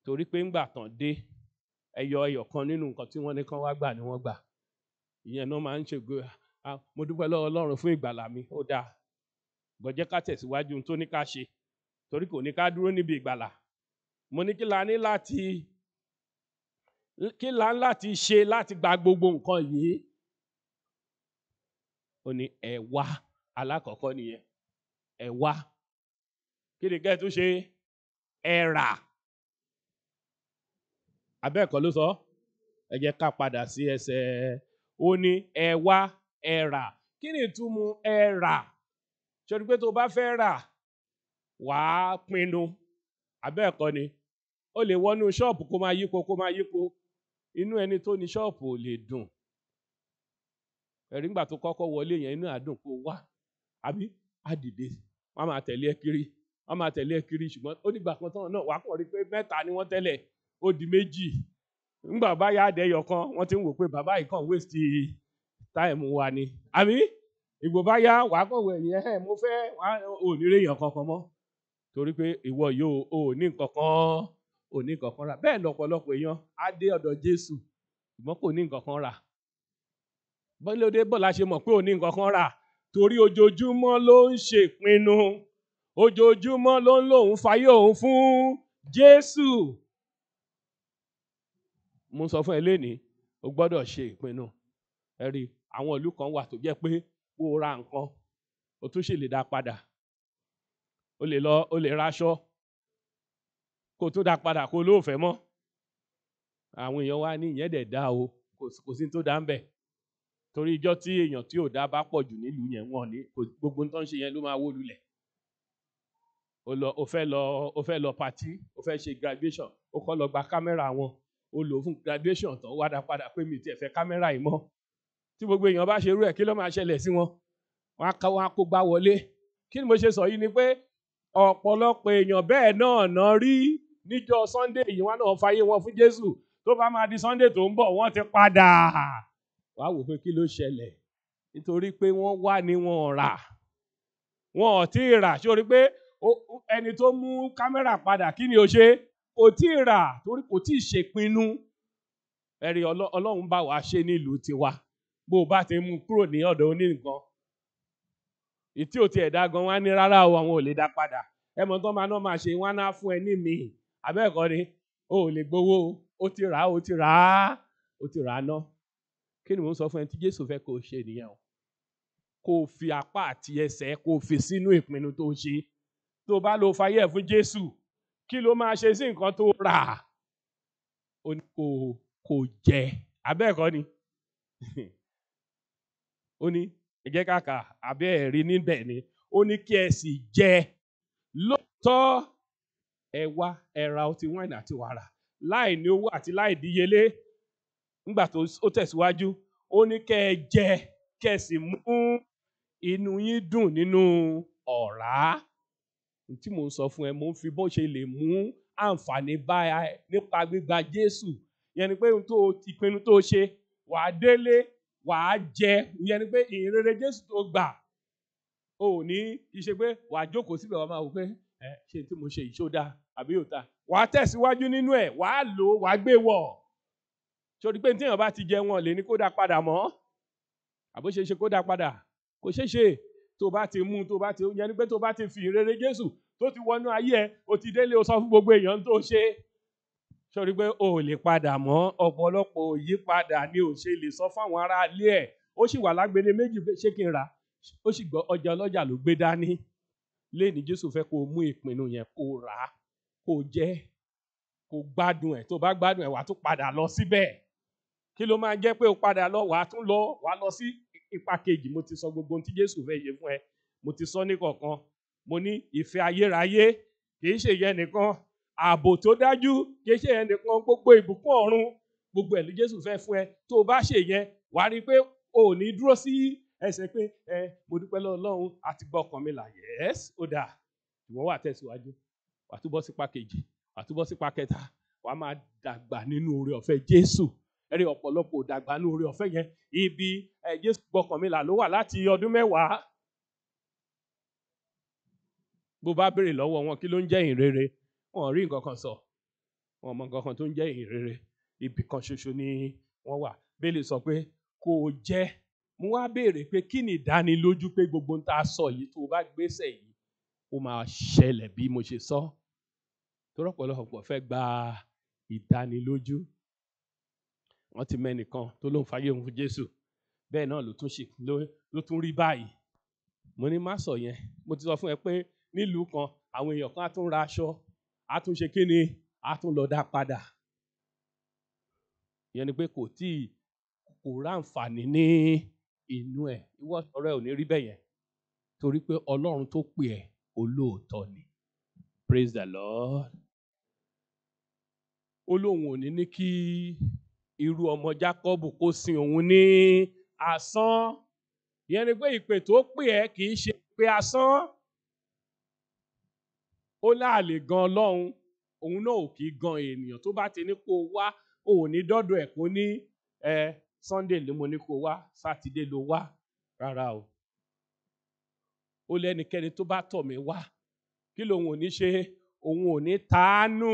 torí pé ńgbà tán dé ẹyọ ẹyọ kan nínú nǹkan tí wọ́n ní kán wá gbà ni wọ́n gbà ìyẹn náà máa ń ṣègbè mo dúpẹ́ lọ́wọ́ ọlọ́run fún ìgbàlà mi ó dáa gbọ́jẹ́ ká tẹ̀síwájú tó ní ká ṣe torí kò ní ká dúró níbi ìgbàlà mo ní kí la ní láti kí la ní láti ṣe láti gba gbogbo nǹkan yìí ó ní ẹ wá alákọ̀ọ́kọ́ nìyẹn ẹ kí ni kẹ́ ẹ tún ṣe ẹ abẹ́ẹ̀kọ́ ló sọ ẹ jẹ́ ká padà sí ẹsẹ̀ ó ní ẹ ẹ̀rà kí ni ìtumọ̀ ẹ̀rà ṣẹ́ni pé tó bá fẹ́ rà wàá pinnu abẹ́ẹ̀kọ́ ni ó lè wọnú ṣọ́ọ̀pù kó máa yípo kó máa yípo inú ẹni tó ní ṣọ́ọ̀pù lè dùn ẹ̀rí ńgbà tó kọ́kọ́ wọlé yẹn inú wá àbí àdìde máa tẹ̀lé ẹ kiri máa tẹ̀lé ẹ náà wàá ni wọ́n tẹ́lẹ̀ ó di kan wọ́n ti ń wò pé bàbá yìí kàn táìmù wa ni àbí ìgbò bá yá wàá kọ̀wé ẹ̀yìn mo fẹ́ ò ní rèèyàn kankan mọ́ torí pé ìwọ yóò ò ní kankan ò ní kankan rà bẹ́ẹ̀ lọ́pọ̀lọpọ̀ èèyàn á dé ọ̀dọ̀ Jésù ṣùgbọ́n kò ní kankan rà bọ́lódé bọ́lá ṣe mọ̀ pé ò ní kankan rà torí ojoojúmọ́ ló ń ṣèpinnu ojoojúmọ́ ló ń lòun fayé òun fún Jésù mo sọ fún ẹ lẹ́ni o gbọ́dọ̀ ṣe ìpinnu ẹ rí i àwọn ìlú kan wà tó jẹ́ pé bó o ra nǹkan o tún ṣe lè dá padà o lè lọ o lè raṣọ kó o tún dá padà kó o lóòfẹ́ mọ́ àwọn èèyàn wa ní ìyẹn dẹ̀ dá o kò sí tó dá ń bẹ̀ torí ijọ́ tí èèyàn tí ò dá bá pọ̀ jù nílùú yẹn wọ́n ní gbogbo tó ṣe yẹn ló máa wó lulẹ̀ o lọ o fẹ́ lọ o fẹ́ lọ pàtí o fẹ́ ṣe graduation o kọ́ lọ gba kámẹ́rà wọn o lò fún graduation tán wá dá padà pé mi tiẹ̀ fẹ́ kámẹ́rà yìí mọ́ tí gbogbo èèyàn bá ṣerú ẹ̀ kí ló máa ṣẹlẹ̀ sí wọn wọn á ká wọn á kó gbá wọlé kí ni mo ṣe sọ yìí ni pé ọ̀pọ̀lọpọ̀ èèyàn bẹ́ẹ̀ náà ná rí níjọ́ Sunday yìí wọn náà fàyè wọn fún Jésù tó bá máa di Sunday tó ń bọ̀ wọ́n ti padà wá wò pé kí ló ṣẹlẹ̀ nítorí pé wọ́n wá ní wọn rà wọn ò tí ì rà sórí pé ẹni tó mú kámẹ́rà padà kí ni o ṣe kò tí ì rà torí kò tí ì ṣèpinnu ẹ̀rí Ọlọ́run bá wa ṣe nílùú tiwa bó o bá ti mú kúrò ní ọ̀dọ̀ onínǹkan ìtí ò ti ẹ̀dá gan wá ní rárá o àwọn ò lè dá padà ẹ mọ̀ tán máa ná máa ṣe wọn á ná fún ẹ ní mi àbẹ́ẹ̀kọ́ ni o ò lè gbowó o ti rà á o ti rà á o ti rà á ná kí ni mò ń sọ fún ẹ tí Jésù fẹ́ kó o ṣe nìyẹn o kó o fi apá àti ẹsẹ̀ kó o fi sínú ìpinnu tó o ṣe tó o bá lo fayé ẹ̀ fún Jésù kí ló máa ṣe sí nǹkan tó rà ó ní kó kò jẹ abẹ́ẹ̀kọ́ ni ó ní ẹ jẹ́ kàkà abẹ́ ẹ̀ rí níbẹ̀ ni ó ní kí ẹ sì jẹ lóòótọ́ ẹ wá ẹ ra ọtí wáìnì àti wàrà láì ní owó àti láì díyelé nígbà tó ó tẹ̀síwájú ó ní kẹ́ ẹ jẹ kẹ́ ẹ sì mú inú yín dùn nínú ọ̀rá tí mò ń sọ fún ẹ mò ń fi bó ṣe lè mú àǹfààní bá ẹ nípa gbígba Jésù yẹn ni pé ohun tó ìpinnu tó ṣe wàá délé wàá jẹ ìyẹn ni pé ìrere Jésù tó gbà ò ní kì í ṣe pé wàá jókòó síbẹ̀ wàá máa wò pé ẹ ṣe tí mo ṣe yìí ṣó dáa àbí yóò ta wàá tẹ̀síwájú nínú ẹ̀ wàá lò ó wàá gbé wọ̀ sórí pé tíyàn bá ti jẹ wọn lè ní kó dá padà mọ́ àbó ṣe ṣe kó dá padà kò ṣe ṣe tó bá ti mú tó bá ti yẹn ni pé tó bá ti fi ìrere Jésù tó ti wọnú ayé ẹ o ti délé o sọ fún gbogbo èèyàn tó ṣe sórí pé o ò lè padà mọ́ ọ̀pọ̀lọpọ̀ òyípadà ni ò ṣe lè sọ fáwọn aráalé ẹ̀ ó sì wà lágbèrè méjì ṣé kí n rà ó sì gbọ́ ọjà ọlọ́jà ló gbé dání léèní Jésù fẹ́ kó o mú ìpinnu yẹn kó o rà á kó o jẹ́ kó o gbádùn ẹ̀ tó o bá gbádùn ẹ̀ wàá tún padà lọ síbẹ̀ kí ló máa jẹ́ pé o padà lọ wàá tún lọ wàá lọ sí ipa kejì mo ti sọ gbogbo ohun tí Jésù fẹ́ yẹ fún ẹ mo ti sọ ní kọ̀ọ̀kan mo ní ìfẹ́ ayérayé kì í ṣe nìkan ààbò tó dájú kì í ṣe yẹn nìkan gbogbo ìbùkún ọ̀run gbogbo ẹ̀ ló Jésù fẹ́ fún ẹ tó o bá ṣe yẹn wà á rí i pé o ò ní dúró sí ẹsẹ̀ pé ẹ mo dúpẹ́ lọ́lọ́run àti gba ọkàn mi là yẹ́s ó dà ìwọ wà tẹ̀síwájú wà á túbọ̀ sípa kejì wà á túbọ̀ sípa kẹta wà á máa dàgbà nínú oore ọ̀fẹ́ Jésù ẹ̀rí ọ̀pọ̀lọpọ̀ dàgbà nínú oore ọ̀fẹ́ yẹn ibi ẹ̀ Jésù gbọ́kàn mi là ló wà láti ọdún mẹ́wàá bó bá béèrè lọ́wọ́ wọn kí ló ń jẹ́ ìhìn wọ́n rí nǹkan kan sọ wọ́n mọ nǹkan kan tó ń jẹ́ ìrere ibì kan ṣoṣo ni wọ́n wà bẹ́ẹ̀lì sọ pé kò jẹ́ mo wá béèrè pé kí ni ìdánilójú pé gbogbo ń ta sọ yìí tó o bá gbésẹ̀ yìí ó máa ṣẹlẹ̀ bí mo ṣe sọ tọ́rọ̀ pọ̀lọpọ̀ fẹ́ gba ìdánilójú wọ́n ti mẹ́nìkan tó ló ń fàyè òun fún Jésù bẹ́ẹ̀ náà ló tún ṣe ló tún rí báyìí mo ní má sọ yẹn mo ti sọ fún ẹ pé nílùú kan àwọn èèyàn kan á tún ra aṣọ a tún ṣe kí ni a tún lọ dá padà ìyẹn ni pé kò tí kò ráǹfààní ní inú ẹ̀ ìwọ ọ̀rẹ́ ò ní rí bẹ́ẹ̀ torí pé Ọlọ́run tó pè ẹ́ olóòótọ́ ni praise the Lord olóhùn ò ní ní kí irú ọmọ Jákọ́bù kó sin òun ní asán ìyẹn ni pé ìpè tó pè ẹ́ kì í ṣe pé asán ó láàlè gan ọlọ́run òun náà ò kì í gan ènìyàn tó bá ti ní kó o wá o ò ní dọ́dọ̀ ẹ̀ kó ní ẹ Sunday ló mo ní kó o wá sátidé ló wá rárá o ó lẹ́nikẹ́ni tó bá tọ̀ mí wá kí lòun ò ní ṣe òun ò ní tàánù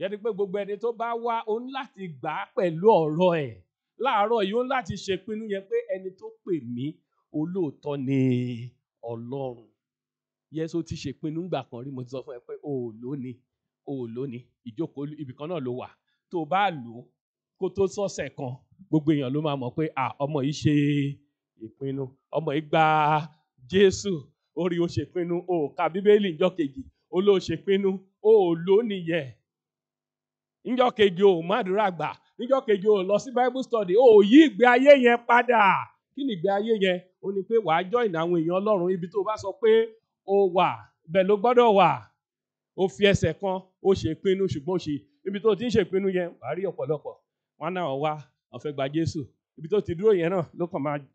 yẹni pé gbogbo ẹni tó bá wá òun láti gbà á pẹ̀lú ọ̀rọ̀ ẹ̀ láàárọ̀ yìí òun láti ṣèpinnu yẹn pé ẹni tó pè mí olóòótọ́ ni Ọlọ́run yes o ti ṣèpinnu ńgbà kan rí mo ti sọ fún ẹ pé o ò lónìí o ò lónìí ìjókòó ibìkan náà ló wà tó o bá lò ó kó tó sọ̀sẹ̀ kan gbogbo èèyàn ló máa mọ̀ pé à ọmọ yìí ṣe ìpinnu ọmọ yìí gba Jésù orí o ṣèpinnu o ka Bíbélì ńjọ́ kejì o ló ṣèpinnu o ò lónìí yẹ kejì o mádùúrà gbà níjọ́ kejì o lọ sí bible study o yí ìgbé ayé yẹn padà kí ni ìgbé ayé yẹn o ní pé wàá join àwọn èèyàn ọlọ́run ibi tó o bá sọ pé ó wà ibẹ̀ ló gbọ́dọ̀ wà ó fi ẹsẹ̀ kan ó ṣe pinnu ṣùgbọ́n ó ṣe ibi tó ti ń ṣe pinnu yẹn wàá rí ọ̀pọ̀lọpọ̀ wọn náà wá ó fẹ́ gba Jésù ibi tó ti dúró yẹn náà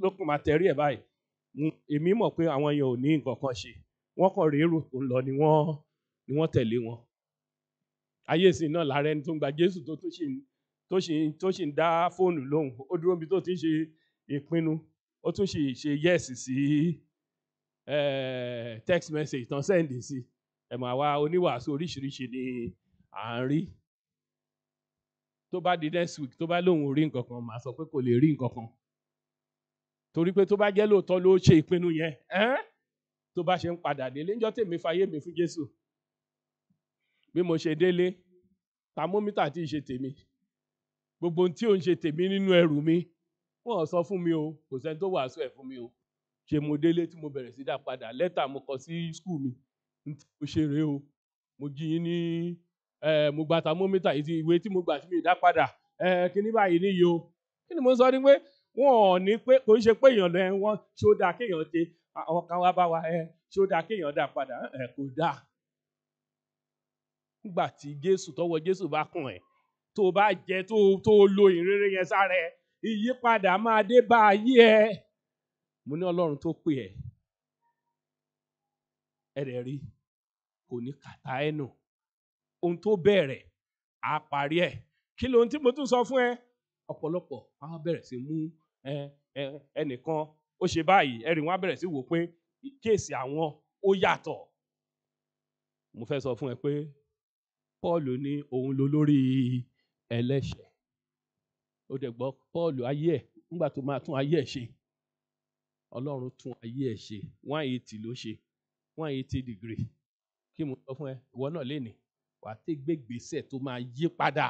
ló kàn máa tẹrí ẹ̀ báyìí èmi mọ̀ pé àwọn èèyàn ò ní nǹkan kan ṣe wọ́n kàn rérò tó ń lọ ni wọ́n ni wọ́n tẹ̀lé wọn ayé ìsìn náà lára ẹni tó ń gba Jésù tó tún ṣì ń tó ṣì ń tó ṣì ń dá fóònù lóhùn ó dúró ibi tó ti ń ṣe ìpinnu ó tún ṣì ṣe yẹ́ẹ̀sì sí eh, text message tán sẹ́ǹdì sí ẹ mọ̀ àwa oníwàásù oríṣiríṣi ni à ń rí tó bá di next week tó bá lóun ò rí nǹkan kan màá sọ pé kò lè rí nǹkan kan torí pé tó bá jẹ́ lóòótọ́ ló ṣe ìpinnu yẹn tó bá ṣe ń padà délé níjọ́ tèmi fayé mi fún Jésù bí mo ṣe délé tamómítà tí ì ṣe tèmi gbogbo ohun tí ò ń ṣe tèmi nínú ẹrù mi wọ́n sọ fún mi o kò sẹ́ni tó wàásù ẹ̀ fún mi o ṣe mo délé tí mo bẹ̀rẹ̀ sí dá padà lẹ́tà mo kọ sí skul mi mo ṣe rèé o mo jí yín ní mo gba thermometer yìí ti ìwé tí mo gbà tí mi dá padà kíní báyìí níyì o kí ni mo sọ ni pé wọn ò ní pé kò ń ṣe pé èèyàn lẹ́yìn wọn ṣó dáa kéèyàn ṣe àwọn kan wá bá wa ṣó dáa kéèyàn dá padà kò dáa nígbà tí Jésù tọwọ́ Jésù bá kàn ẹ́ tó bá jẹ tó tó lo ìrere yẹn sára ẹ ìyípadà máa dé bá ayé ẹ mo ní ọlọ́run tó pè ẹ́ ẹ̀rẹ̀ rí kò ní kàtá ẹ̀ nù ohun tó bẹ̀rẹ̀ á parí ẹ̀ kí lóhun tí mo tún sọ fún ẹ ọ̀pọ̀lọpọ̀ á bẹ̀rẹ̀ sí mú ẹnìkan ó ṣe báyìí ẹ̀rì wọn á bẹ̀rẹ̀ sí wò pé kéèsì àwọn ó yàtọ̀ mo fẹ́ sọ fún ẹ pé Paul ní òun ló lórí ẹlẹ́ṣẹ̀ ó dẹ̀ gbọ́ Paul ayé ẹ̀ nígbà tó máa tún ayé ẹ̀ ṣe ọlọ́run tún ayé ẹ̀ ṣe one eighty ló ṣe one eighty degree kí mo sọ fún ẹ ìwọ náà lénìí wàá tẹ gbégbèsè tó máa yí padà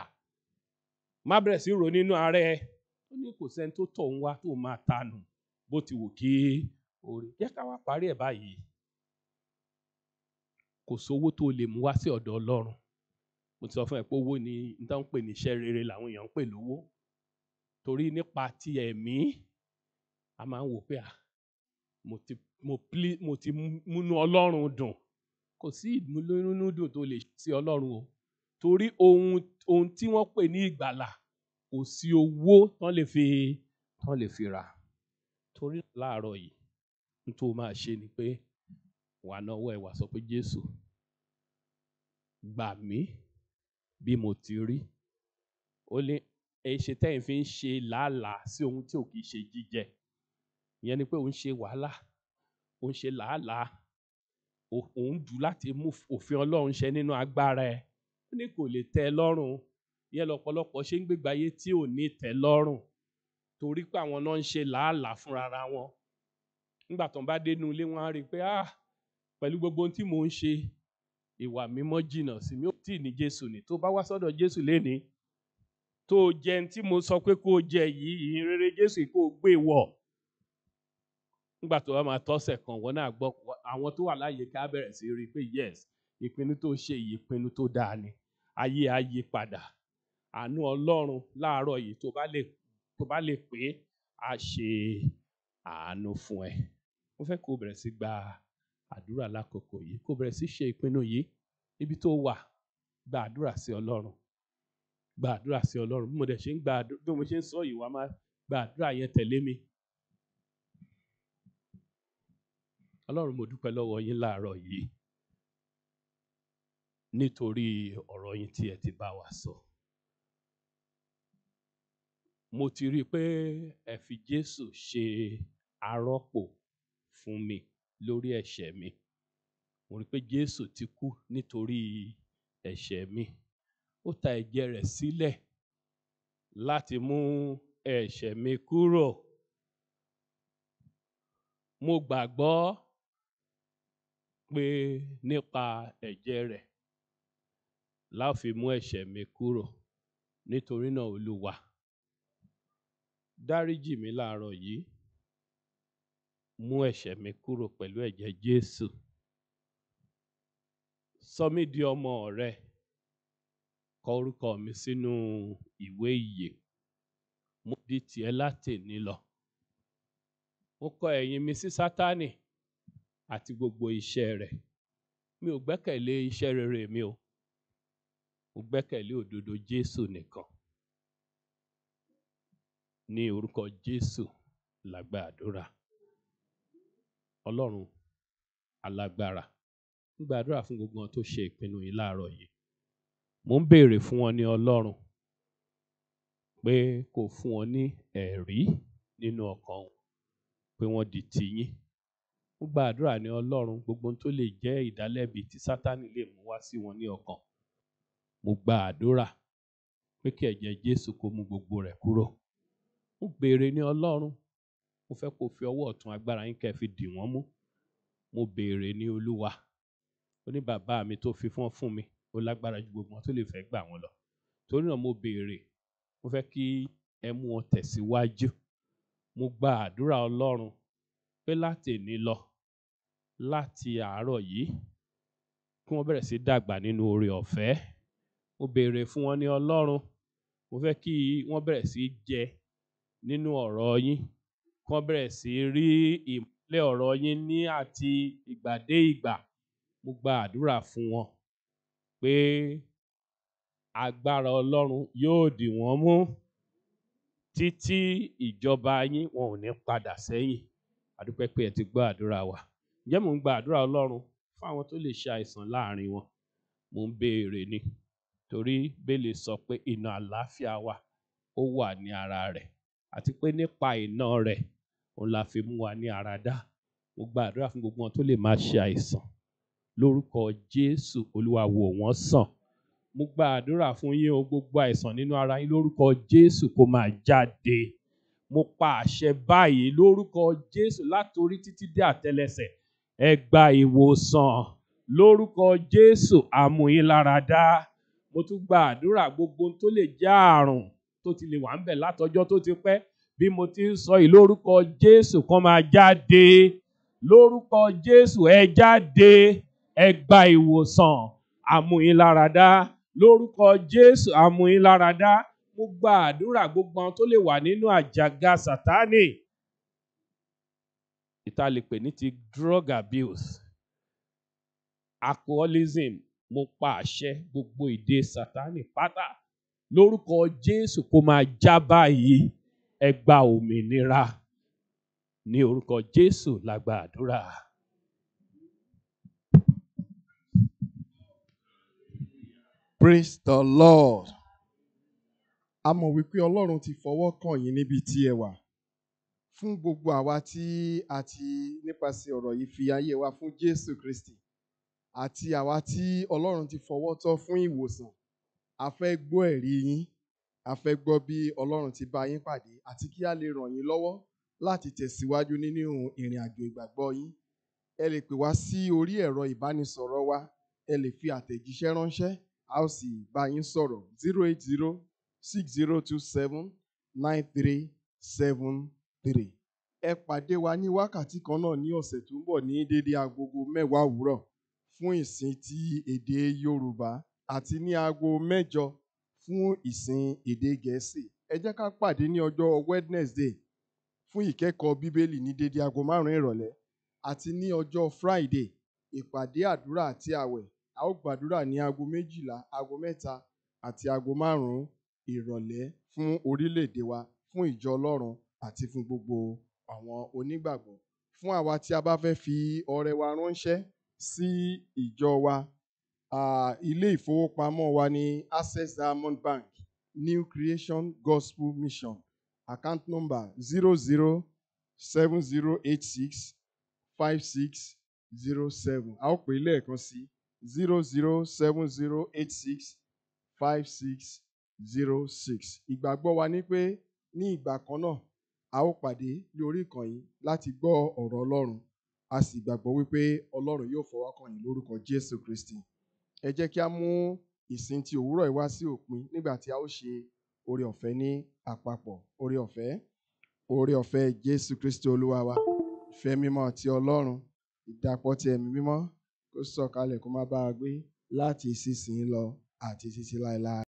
má bẹ̀rẹ̀ sí ro nínú ara ẹ ó ní kò sẹ́ni tó tọ̀ ń wá tó máa tanù bó ti wù kí orí jẹ́ ká wá parí ẹ̀ báyìí kò sówó tó lè mú wá sí ọ̀dọ̀ ọlọ́run mo ti sọ fún ẹ pé owó ni n tó ń pè ní iṣẹ́ rere làwọn èèyàn ń pè lówó torí nípa ti ẹ̀mí a máa ń wò pé à mo ti mo pli mo ti múnú ọlọ́run dùn kò sí ìmúlónúdùn tó lè ṣe ọlọ́run o torí ohun ohun tí wọ́n pè ní ìgbàlà kò sí owó tán lè fi tán lè fi rà torí láàárọ̀ yìí n tó máa ṣe ni pé wà náwó ẹ wà sọ pé Jésù gbà mí bí mo ti rí ó ní ẹ ṣe tẹ́yìn fi ń ṣe làálàá sí ohun tí ò kì í ṣe jíjẹ ìyẹn ni pé òun ṣe wàhálà òun ṣe làálàá òun dù láti mú òfin ọlọ́run ṣe nínú agbára ẹ̀ ó ní kò lè tẹ́ ẹ lọ́rùn ìyẹn lọ́pọ̀lọpọ̀ ṣe ń gbégbá ayé tí ò ní tẹ́ lọ́rùn torí pé àwọn náà ń ṣe làálàá fúnra wọn nígbà tó ń bá dénú ilé wọn á rí i pé ah pẹ̀lú gbogbo ohun tí mò ń ṣe ìwà mímọ́ jìnnà sí mi ó tì ní Jésù ni tó bá wá sọ́dọ̀ Jésù lénìí tó jẹun tí mo sọ pé kó jẹ yìí ìhìn rere Jésù kó gbé wọ̀ nígbà tó wá máa tọ́sẹ̀ kan wọn náà gbọ́ àwọn tó wà láàyè ká bẹ̀rẹ̀ sí rí i pé yes ìpinnu tó ṣe yìí ìpinnu tó dáa ni ayé á yí padà àánú ọlọ́run láàárọ̀ yìí tó bá lè tó bá lè pé a ṣe àánú fún ẹ mo fẹ́ kó bẹ̀rẹ̀ sí gba àdúrà lákòókò yìí kó bẹ̀rẹ̀ sí ṣe ìpinnu yìí ibi tó wà gba àdúrà sí ọlọ́run gba àdúrà sí ọlọ́run bí mo dẹ̀ ṣe ń gba àdúrà bí mo ṣe ń sọ yìí wá máa gba àdúrà yẹn tẹ̀lé mi ọlọ́run mo dúpẹ́ lọ́wọ́ yín láàárọ̀ yìí nítorí ọ̀rọ̀ yín tí ẹ ti bá wa sọ. mo ti rí i pé ẹ fi Jésù ṣe arọ́pò fún mi lórí ẹ̀ṣẹ̀ mi mo rí i pé Jésù ti kú nítorí ẹ̀ṣẹ̀ mi ó ta ẹ̀jẹ̀ rẹ̀ sílẹ̀ láti mú ẹ̀ṣẹ̀ mi kúrò mo gbàgbọ́ pé nípa ẹ̀jẹ̀ rẹ̀ la fi mú ẹ̀ṣẹ̀ mi kúrò nítorí náà olúwa dáríjì mi láàárọ̀ yìí mú ẹ̀ṣẹ̀ mi kúrò pẹ̀lú ẹ̀jẹ̀ jésù sọ mí di ọmọ rẹ kọ orúkọ mi sínú ìwé ìyè mo di tìẹ látèní lọ mo kọ ẹ̀yìn mi sí sátánì. Si àti gbogbo iṣẹ́ rẹ̀ mi ò gbẹ́kẹ̀lé iṣẹ́ rere mi o mo gbẹ́kẹ̀lé òdodo Jésù nìkan ní orúkọ Jésù làgbà àdúrà Ọlọ́run alágbára ń gbàdúrà fún gbogbo wọn tó ṣe ìpinnu yìí láàárọ̀ yìí mo ń béèrè fún wọn ní Ọlọ́run pé kó fún wọn ní ẹ̀rí nínú ọkàn wọn pé wọ́n di tiyín mo gba àdúrà ní ọlọ́run gbogbo tó lè jẹ́ ìdálẹ́bi tí sátánì lè mú wá sí wọn ní ọkàn mo gba àdúrà pé kí ẹ̀jẹ̀ jésù kó mú gbogbo rẹ̀ kúrò mo béèrè ní ọlọ́run mo fẹ́ kó fi ọwọ́ ọ̀tún agbára yín kẹ́ fi dì wọ́n mú mo béèrè ní olúwa ó bàbá mi tó fi fún fún mi ó lágbára ju gbogbo wọn tó lè fẹ́ gbà wọn lọ torí náà mo béèrè mo fẹ́ kí ẹ mú wọn tẹ̀síwájú mo gba àdúrà ọlọ́run pé láti èní lọ láti àárọ̀ yìí kí wọ́n bẹ̀rẹ̀ sí dàgbà nínú oore ọ̀fẹ́ mo béèrè fún wọn ní ọlọ́run mo fẹ́ kí wọ́n bẹ̀rẹ̀ sí jẹ nínú ọ̀rọ̀ yín kí wọ́n bẹ̀rẹ̀ sí rí ìmọ́lẹ̀ ọ̀rọ̀ yín ní àti ìgbà dé ìgbà mo gba àdúrà fún wọn pé agbára ọlọ́run yóò dì wọ́n mú títí ìjọba yín wọn ò ní padà sẹ́yìn a pé ẹ ti gbọ́ àdúrà wa. Ǹjẹ́ mò ń gba àdúrà Ọlọ́run fún àwọn tó lè ṣe àìsàn láàrin wọn? Mò ń béèrè ni. Torí Bíbélì sọ pé iná àlàáfíà wa ó wà ní ara rẹ̀ àti pé nípa iná rẹ̀, òun la fi mú wa ní ara dá. Mo gba àdúrà fún gbogbo wọn tó lè máa ṣe àìsàn. Lórúkọ Jésù, Olúwa wò wọ́n sàn. Mo gba àdúrà fún yín o, gbogbo àìsàn nínú ara yín lórúkọ Jésù kó máa jáde. Mo pa àṣẹ báyìí lórúkọ Jésù látorí títí dé àtẹ́lẹsẹ̀ ẹ gba ìwòsàn lórúkọ Jésù àmúyíláradá mo tún gba àdúrà gbogbo tó lè já àrùn tó ti lè wà ń bẹ̀ látọjọ́ tó ti pẹ́ bí mo ti ń sọ yìí lórúkọ Jésù kan máa jáde lórúkọ Jésù ẹ jáde ẹ gba ìwòsàn àmúyíláradá lórúkọ Jésù àmúyíláradá mo gba àdúrà gbogbo àwọn tó lè wà nínú àjàgà Sátánì ìta lè pè ní ti drug abuse alcoholism mo pa àṣẹ gbogbo ìdè sátánì pátá lórúkọ jésù kó máa já báyìí ẹ òmìnira ní orúkọ jésù la àdúrà. praise the lord a mọ̀ wípé ọlọ́run ti fọwọ́ kàn yín níbi tí ẹ wà fún gbogbo àwa tí a ti nípasẹ̀ ọ̀rọ̀ yìí fi ayé wa fún Jésù Kristi àti àwa tí Ọlọ́run ti fọwọ́ tọ́ fún ìwòsàn a fẹ́ gbọ́ ẹ̀rí yín a fẹ́ gbọ́ bí Ọlọ́run ti bá yín pàdé àti kí a lè ràn yín lọ́wọ́ láti tẹ̀síwájú nínú ìrìn àjò ìgbàgbọ́ yín ẹ lè pè wá sí orí ẹ̀rọ ìbánisọ̀rọ̀ wa ẹ lè fi àtẹ̀jíṣẹ́ ránṣẹ́ a ó sì bá yín sọ̀rọ̀ zero eight zero six zero two seven nine three seven three. Ẹ pàdé wa ní wákàtí kan náà ní ọ̀sẹ̀ tó ń bọ̀ ní dédé agogo mẹ́wàá òwúrọ̀ fún ìsìn ti èdè Yorùbá àti ní aago mẹ́jọ fún ìsìn èdè Gẹ̀ẹ́sì. Ẹ jẹ́ ká pàdé ní ọjọ́ Wednesday fún ìkẹ́kọ̀ọ́ Bíbélì ní dédé aago márùn-ún ìrọ̀lẹ́ àti ní ọjọ́ Friday ìpàdé àdúrà àti àwẹ̀ a ó gbàdúrà ní aago méjìlá, aago mẹ́ta àti aago márùn-ún ìrọ̀lẹ́ fún orílẹ̀-èdè wa fún ìjọ Ọlọ́run àti fún gbogbo àwọn onígbàgbọ́ fún àwa tí a bá fẹ́ fi ọrẹ wa ránṣẹ́ sí ìjọ wa ilé ìfowópamọ́ wa ní Access Diamond Bank New Creation Gospel Mission account number zero zero seven zero eight six five six zero seven a ó pè é lẹ́ẹ̀kan sí zero zero seven zero eight six five six zero six ìgbàgbọ́ wa ni pé ní ìgbà kan náà a ó pàdé ní orí ìkànnì láti gbọ́ ọ̀rọ̀ Ọlọ́run a sì gbàgbọ́ wípé Ọlọ́run yóò fọwọ́ kàn yín lórúkọ Jésù Kristi ẹ jẹ́ kí a mú ìsìn ti òwúrọ̀ yìí wá sí òpin nígbà tí a ó ṣe oore ọ̀fẹ́ ní àpapọ̀ oore ọ̀fẹ́ oore ọ̀fẹ́ Jésù Kristi Olúwa wa ìfẹ́ mímọ́ ti Ọlọ́run ìdàpọ̀ ti ẹ̀mí mímọ́ kó sọ̀kalẹ̀ kó má bá a gbé láti ìsinsìnyí lọ àti títí láéláé.